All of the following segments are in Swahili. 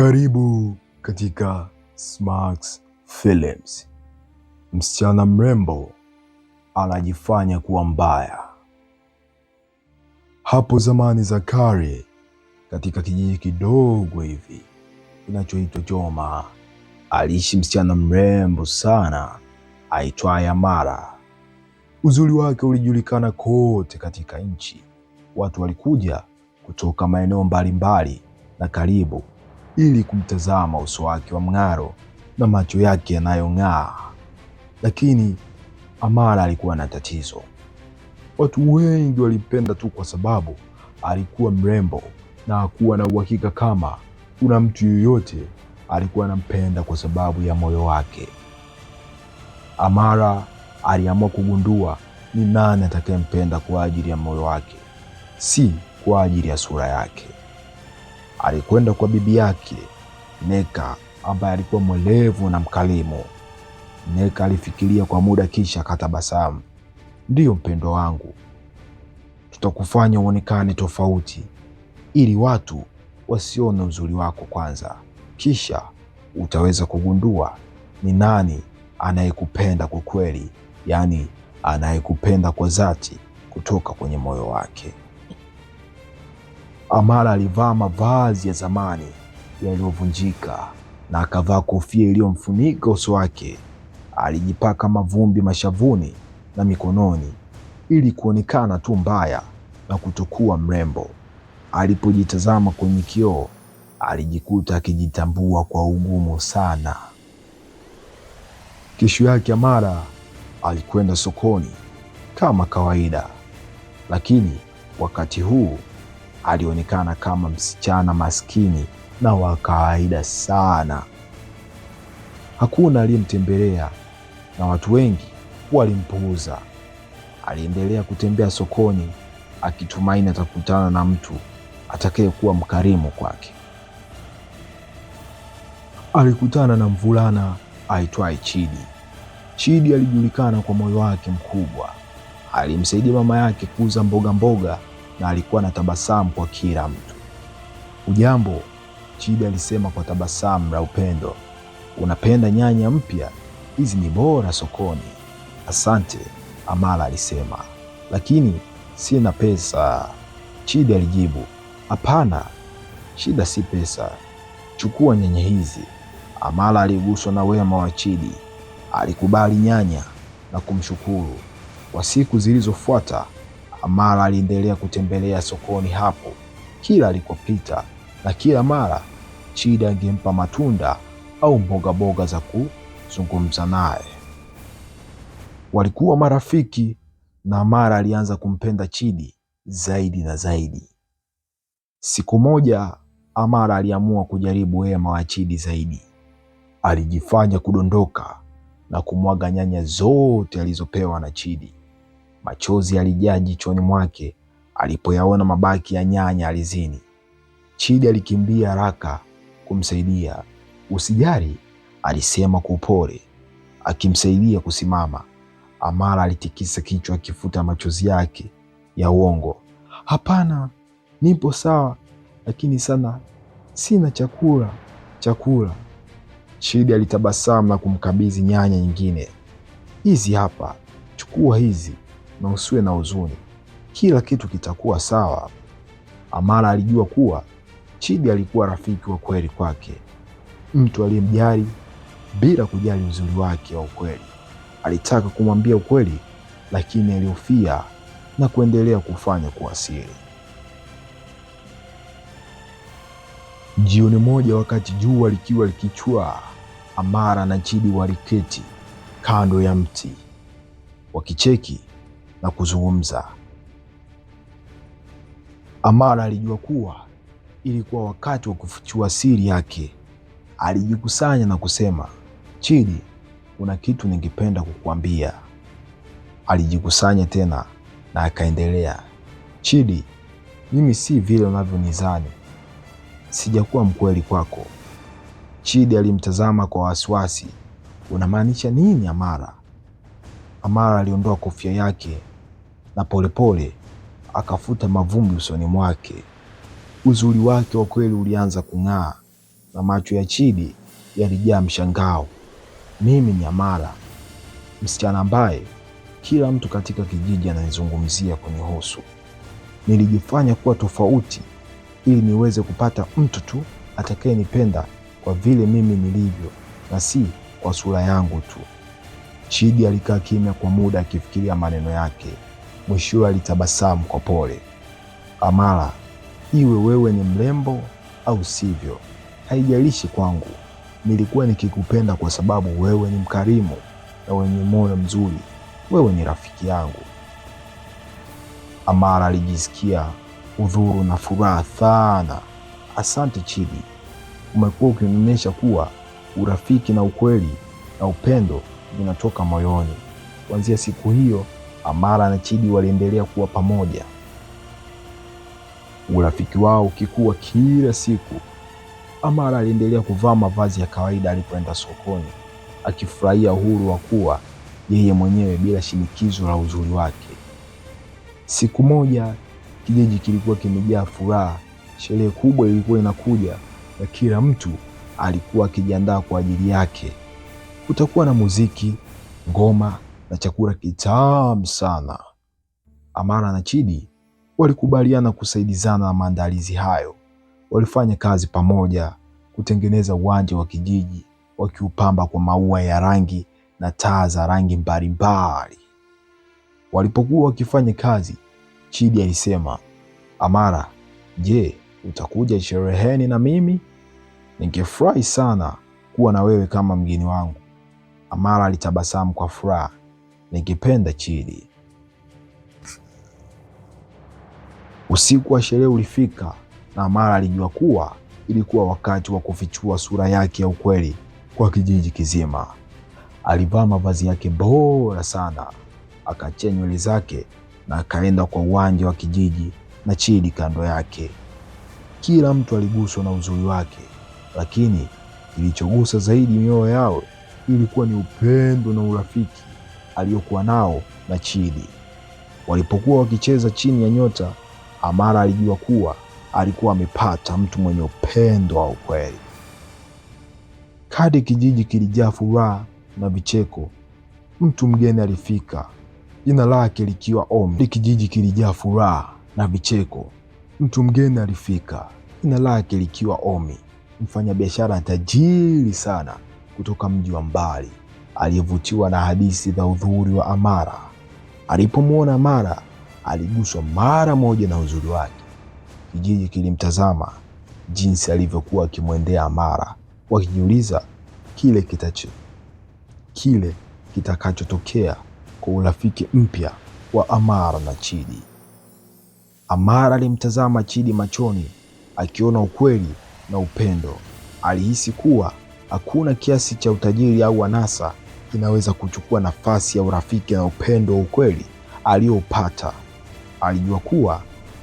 Karibu katika Smax Films. Msichana mrembo anajifanya kuwa mbaya. Hapo zamani za kale, katika kijiji kidogo hivi kinachoitwa Choma, aliishi msichana mrembo sana aitwaye Amara. Uzuri wake ulijulikana kote katika nchi. Watu walikuja kutoka maeneo mbalimbali na karibu ili kumtazama uso wake wa mng'aro na macho yake yanayong'aa. Lakini Amara alikuwa na tatizo. Watu wengi walimpenda tu kwa sababu alikuwa mrembo na hakuwa na uhakika kama kuna mtu yoyote alikuwa anampenda kwa sababu ya moyo wake. Amara aliamua kugundua ni nani atakayempenda kwa ajili ya moyo wake, si kwa ajili ya sura yake alikwenda kwa bibi yake Neka ambaye alikuwa mwelevu na mkalimu. Neka alifikiria kwa muda kisha akatabasamu. Ndiyo mpendo wangu, tutakufanya uonekane tofauti ili watu wasione uzuri wako kwanza, kisha utaweza kugundua ni nani anayekupenda kwa kweli, yaani anayekupenda kwa dhati kutoka kwenye moyo wake. Amara alivaa mavazi ya zamani yaliyovunjika na akavaa kofia iliyomfunika uso wake. Alijipaka mavumbi mashavuni na mikononi ili kuonekana tu mbaya na kutokuwa mrembo. Alipojitazama kwenye kioo, alijikuta akijitambua kwa ugumu sana. Kesho yake Amara alikwenda sokoni kama kawaida, lakini wakati huu alionekana kama msichana maskini na wa kawaida sana. Hakuna aliyemtembelea na watu wengi walimpuuza. Aliendelea kutembea sokoni akitumaini atakutana na mtu atakayekuwa mkarimu kwake. Alikutana na mvulana aitwaye Chidi. Chidi alijulikana kwa moyo wake mkubwa. Alimsaidia mama yake kuuza mboga mboga na alikuwa na tabasamu kwa kila mtu. Ujambo, Chidi alisema kwa tabasamu la upendo. Unapenda nyanya mpya? Hizi ni bora sokoni. Asante, Amala alisema. Lakini sina pesa, Chidi alijibu. Hapana, shida si pesa, chukua nyanya hizi. Amala aliguswa na wema wa Chidi, alikubali nyanya na kumshukuru. Kwa siku zilizofuata Amara aliendelea kutembelea sokoni hapo kila alikopita, na kila mara Chida angempa matunda au mbogaboga za kuzungumza naye. Walikuwa marafiki na Amara alianza kumpenda Chidi zaidi na zaidi. Siku moja Amara aliamua kujaribu wema wa Chidi zaidi. Alijifanya kudondoka na kumwaga nyanya zote alizopewa na Chidi. Machozi yalijaa jichoni mwake alipoyaona mabaki ya nyanya alizini. Chidi alikimbia haraka kumsaidia. Usijali, alisema kwa upole, akimsaidia kusimama. Amara alitikisa kichwa akifuta machozi yake ya uongo. Hapana, nipo sawa, lakini sana sina chakula chakula. Chidi alitabasamu na kumkabidhi nyanya nyingine. Hizi hapa, chukua hizi, na usiwe na huzuni, kila kitu kitakuwa sawa. Amara alijua kuwa Chidi alikuwa rafiki wa kweli kwake, mtu aliyemjali bila kujali uzuri wake wa ukweli. Alitaka kumwambia ukweli, lakini alihofia na kuendelea kufanya kwa siri. Jioni moja, wakati jua likiwa likichua, Amara na Chidi waliketi kando ya mti wakicheki na kuzungumza. Amara alijua kuwa ilikuwa wakati wa kufichua siri yake. Alijikusanya na kusema, Chidi, kuna kitu ningependa kukuambia. Alijikusanya tena na akaendelea, Chidi, mimi si vile unavyonizani, sijakuwa mkweli kwako. Chidi alimtazama kwa wasiwasi. Unamaanisha nini Amara? Amara aliondoa kofia yake na polepole akafuta mavumbi usoni mwake. Uzuri wake wa kweli ulianza kung'aa na macho ya Chidi yalijaa mshangao. Mimi ni Amara, msichana ambaye kila mtu katika kijiji ananizungumzia kunihusu. Nilijifanya kuwa tofauti ili niweze kupata mtu tu atakayenipenda kwa vile mimi nilivyo na si kwa sura yangu tu. Chidi alikaa kimya kwa muda akifikiria maneno yake. Mwishowe alitabasamu kwa pole. Amara, iwe wewe ni mrembo au sivyo, haijalishi kwangu. Nilikuwa nikikupenda kwa sababu wewe ni mkarimu na wenye moyo mzuri. Wewe ni rafiki yangu. Amara alijisikia udhuru na furaha sana. Asante Chidi, umekuwa ukinionyesha kuwa urafiki na ukweli na upendo vinatoka moyoni. Kuanzia siku hiyo Amara na Chidi waliendelea kuwa pamoja, urafiki wao ukikuwa kila siku. Amara aliendelea kuvaa mavazi ya kawaida alipoenda sokoni, akifurahia uhuru wa kuwa yeye mwenyewe bila shinikizo la uzuri wake. Siku moja kijiji kilikuwa kimejaa furaha. Sherehe kubwa ilikuwa inakuja na kila mtu alikuwa akijiandaa kwa ajili yake. Kutakuwa na muziki, ngoma na chakula kitamu sana. Amara na Chidi walikubaliana kusaidizana na maandalizi hayo. Walifanya kazi pamoja kutengeneza uwanja wa kijiji, wakiupamba kwa maua ya rangi na taa za rangi mbalimbali. Walipokuwa wakifanya kazi, Chidi alisema, Amara, je, utakuja shereheni na mimi? Ningefurahi sana kuwa na wewe kama mgeni wangu. Amara alitabasamu kwa furaha nikipenda chili. Usiku wa sherehe ulifika na Mara alijua kuwa ilikuwa wakati wa kufichua sura yake ya ukweli kwa kijiji kizima. Alivaa mavazi yake bora sana, akachia nywele zake na akaenda kwa uwanja wa kijiji na Chidi kando yake. Kila mtu aliguswa na uzuri wake, lakini kilichogusa zaidi mioyo yao ilikuwa ni upendo na urafiki aliyokuwa nao na Chidi. Walipokuwa wakicheza chini ya nyota, Amara alijua kuwa alikuwa amepata mtu mwenye upendo wa ukweli. Kadi kijiji kilijaa furaha na vicheko. Mtu mgeni alifika, jina lake likiwa Kadi Kijiji kilijaa furaha na vicheko. Mtu mgeni alifika, jina lake likiwa omi mfanyabiashara tajiri sana kutoka mji wa mbali aliyevutiwa na hadithi za udhuri wa Amara. Alipomwona Amara aliguswa mara moja na uzuri wake. Kijiji kilimtazama jinsi alivyokuwa akimwendea Amara, wakijiuliza kile kitacho kile kitakachotokea kwa urafiki mpya wa Amara na Chidi. Amara alimtazama Chidi machoni, akiona ukweli na upendo. Alihisi kuwa hakuna kiasi cha utajiri au anasa inaweza kuchukua nafasi ya urafiki na upendo wa ukweli aliyopata Alijua kuwa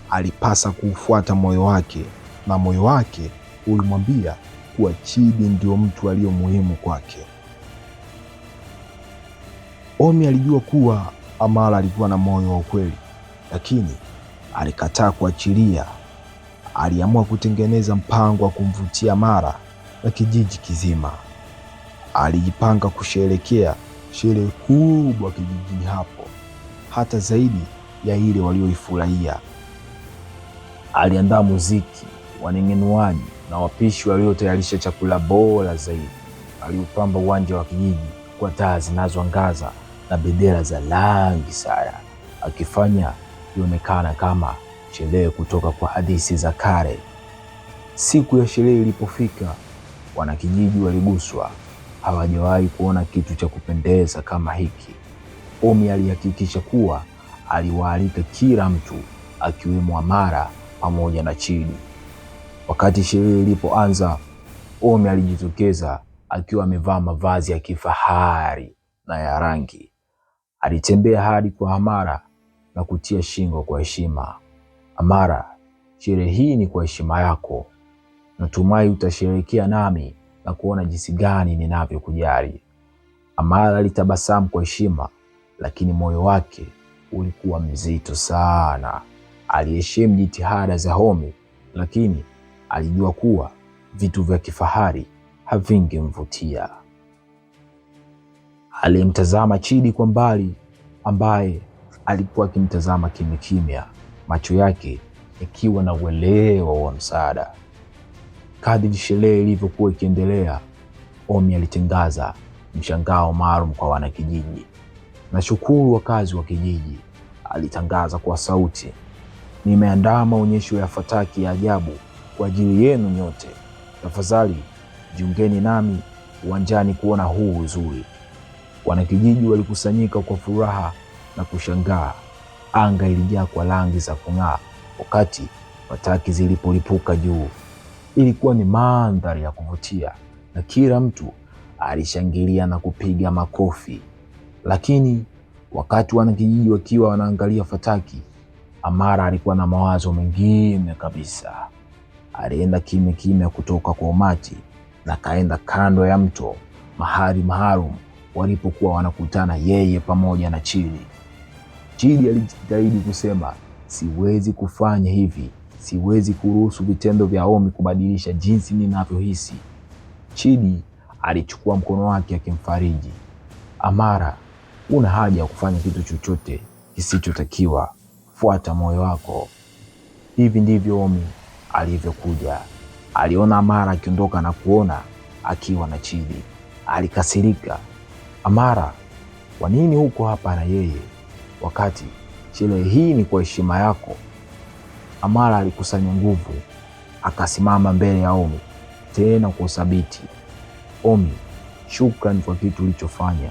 alipasa kuufuata moyo wake, na moyo wake ulimwambia kuwa Chidi ndio mtu aliyo muhimu kwake. Omi alijua kuwa Amara alikuwa na moyo wa ukweli, lakini alikataa kuachilia. Aliamua kutengeneza mpango wa kumvutia Amara na kijiji kizima alijipanga kusherekea sherehe kubwa kijijini hapo, hata zaidi ya ile walioifurahia. Aliandaa muziki, waneng'enuaji na wapishi waliotayarisha chakula bora zaidi. Aliupamba uwanja wa kijiji kwa taa zinazoangaza na bendera za rangi sana, akifanya ionekana kama sherehe kutoka kwa hadithi za kale. Siku ya sherehe ilipofika, wanakijiji waliguswa hawajawahi kuona kitu cha kupendeza kama hiki. Omi alihakikisha kuwa aliwaalika kila mtu akiwemo Amara pamoja na Chidi. Wakati sherehe ilipoanza, Omi alijitokeza akiwa amevaa mavazi ya kifahari na ya rangi. Alitembea hadi kwa Amara na kutia shingo kwa heshima. Amara, sherehe hii ni kwa heshima yako, natumai utasherekea nami na kuona jinsi gani ninavyokujali. Amara alitabasamu kwa heshima, lakini moyo wake ulikuwa mzito sana. Aliheshimu jitihada za Homi, lakini alijua kuwa vitu vya kifahari havingemvutia. Alimtazama Chidi kwa mbali, ambaye alikuwa akimtazama kimya kimya, macho yake yakiwa na uelewa wa msaada. Kadiri sherehe ilivyokuwa ikiendelea, Omi alitangaza mshangao maalum kwa wanakijiji. Nashukuru wakazi wa kijiji, alitangaza kwa sauti, nimeandaa maonyesho ya fataki ya ajabu kwa ajili yenu nyote. Tafadhali jiungeni nami uwanjani kuona huu uzuri. Wanakijiji walikusanyika kwa furaha na kushangaa. Anga ilijaa kwa rangi za kung'aa wakati fataki zilipolipuka juu. Ilikuwa ni mandhari ya kuvutia na kila mtu alishangilia na kupiga makofi, lakini wakati wanakijiji wakiwa wanaangalia fataki, Amara alikuwa na mawazo mengine kabisa. Alienda kimya kimya kutoka kwa umati na kaenda kando ya mto, mahali maalum walipokuwa wanakutana yeye pamoja na Chidi. Chidi alijitahidi kusema siwezi kufanya hivi, Siwezi kuruhusu vitendo vya Omi kubadilisha jinsi ninavyohisi. Chidi alichukua mkono wake akimfariji. Amara, una haja ya kufanya kitu chochote kisichotakiwa. Fuata moyo wako. Hivi ndivyo Omi alivyokuja. Aliona Amara akiondoka na kuona akiwa na Chidi. Alikasirika. Amara, kwa nini huko hapa na yeye wakati sherehe hii ni kwa heshima yako? Hamala alikusanya nguvu, akasimama mbele ya Omi tena kwa uthabiti. Omi, shukrani kwa kitu ulichofanya,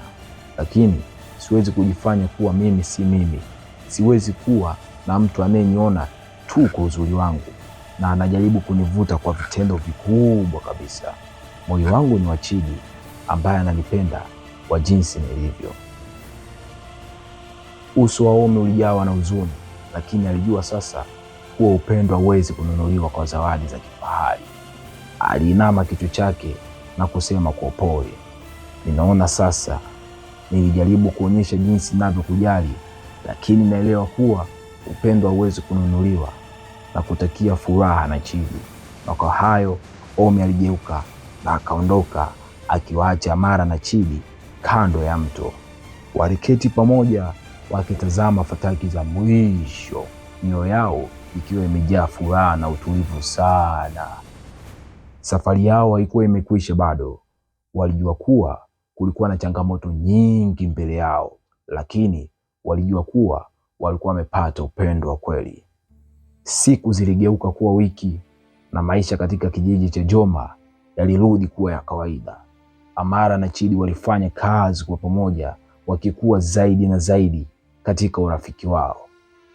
lakini siwezi kujifanya kuwa mimi si mimi. Siwezi kuwa na mtu anayeniona tu kwa uzuri wangu na anajaribu kunivuta kwa vitendo vikubwa kabisa. Moyo wangu ni wa Chidi ambaye ananipenda kwa jinsi nilivyo. Uso wa Omi ulijawa na huzuni, lakini alijua sasa kuwa upendo hauwezi kununuliwa kwa zawadi za kifahari. Aliinama kichwa chake na kusema kwa upole, ninaona sasa, nilijaribu kuonyesha jinsi ninavyokujali, lakini naelewa kuwa upendo hauwezi kununuliwa, na kutakia furaha na chizi. Na kwa hayo Omi aligeuka na akaondoka akiwaacha Amara na Chidi kando ya mto. Waliketi pamoja wakitazama fataki za mwisho, mioyo yao ikiwa imejaa furaha na utulivu sana. Safari yao haikuwa imekwisha bado. Walijua kuwa kulikuwa na changamoto nyingi mbele yao, lakini walijua kuwa walikuwa wamepata upendo wa kweli. Siku ziligeuka kuwa wiki na maisha katika kijiji cha Joma yalirudi kuwa ya kawaida. Amara na Chidi walifanya kazi kwa pamoja, wakikuwa zaidi na zaidi katika urafiki wao.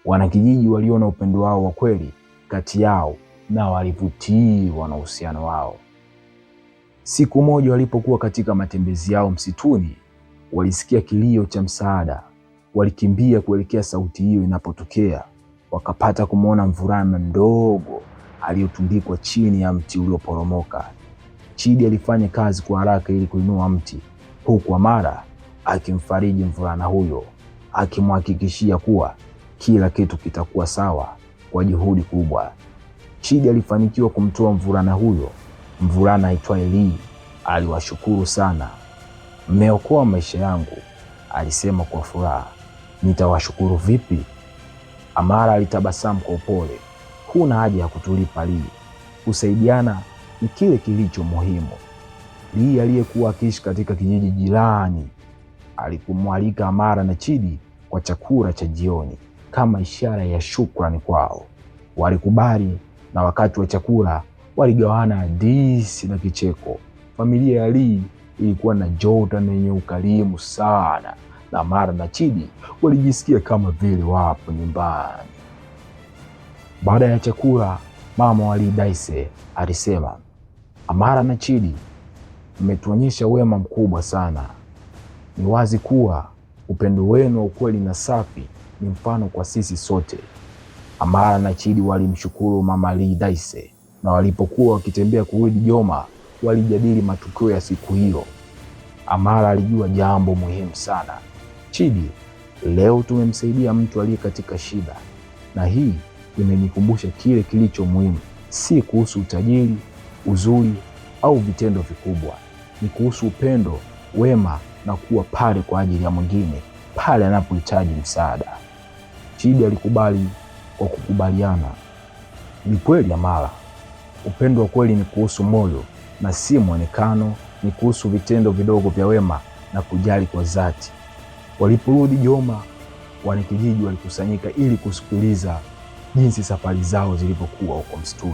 Wanakijiji waliona upendo wao wa kweli kati yao na walivutiwa na uhusiano wao. Siku moja walipokuwa katika matembezi yao msituni, walisikia kilio cha msaada. Walikimbia kuelekea sauti hiyo inapotokea, wakapata kumwona mvulana mdogo aliyotundikwa chini ya mti ulioporomoka. Chidi alifanya kazi kwa haraka ili kuinua mti, huku Amara akimfariji mvulana huyo, akimhakikishia kuwa kila kitu kitakuwa sawa kwa juhudi kubwa. Chidi alifanikiwa kumtoa mvulana huyo. Mvulana aitwaye Lee aliwashukuru sana. Mmeokoa maisha yangu, alisema kwa furaha. Nitawashukuru vipi? Amara alitabasamu kwa upole. Huna haja ya kutulipa Lee, kusaidiana ni kile kilicho muhimu. Lee aliyekuwa akiishi katika kijiji jirani alikumwalika Amara na Chidi kwa chakula cha jioni kama ishara ya shukrani kwao. Walikubali na wakati wa chakula waligawana hadithi na kicheko. Familia ya Lee ilikuwa na jota yenye ukarimu sana, na Mara na Chidi walijisikia kama vile wapo nyumbani. Baada ya chakula, mama wa Lee Daisy alisema, Amara na Chidi, mmetuonyesha wema mkubwa sana. Ni wazi kuwa upendo wenu wa ukweli na safi ni mfano kwa sisi sote. Amara na Chidi walimshukuru Mama Lidaise, na walipokuwa wakitembea kurudi Joma walijadili matukio ya siku hiyo. Amara alijua jambo muhimu sana. Chidi, leo tumemsaidia mtu aliye katika shida, na hii imenikumbusha kile kilicho muhimu, si kuhusu utajiri, uzuri au vitendo vikubwa, ni kuhusu upendo, wema na kuwa pale kwa ajili ya mwingine pale anapohitaji msaada. Chidi alikubali kwa kukubaliana. Ni kweli ya mara, upendo wa kweli ni kuhusu moyo na si mwonekano, ni kuhusu vitendo vidogo vya wema na kujali kwa dhati. Waliporudi Joma, wanakijiji walikusanyika ili kusikiliza jinsi safari zao zilivyokuwa huko msituni.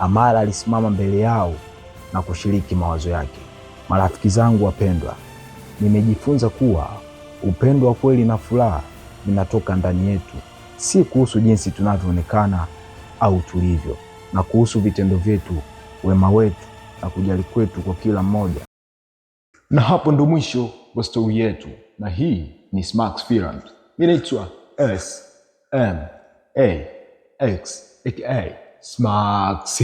Amara alisimama mbele yao na kushiriki mawazo yake. Marafiki zangu wapendwa, nimejifunza kuwa upendo wa kweli na furaha vinatoka ndani yetu, si kuhusu jinsi tunavyoonekana au tulivyo, na kuhusu vitendo vyetu, wema wetu na kujali kwetu kwa kila mmoja. Na hapo ndo mwisho wa stori yetu, na hii ni Smax Films. Inaitwa S M A X aka Smax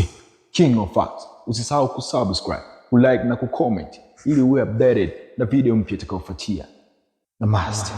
King of Facts. Usisahau kusubscribe, kulike na kucomment ili uwe updated na video mpya itakayofuatia. Namaste.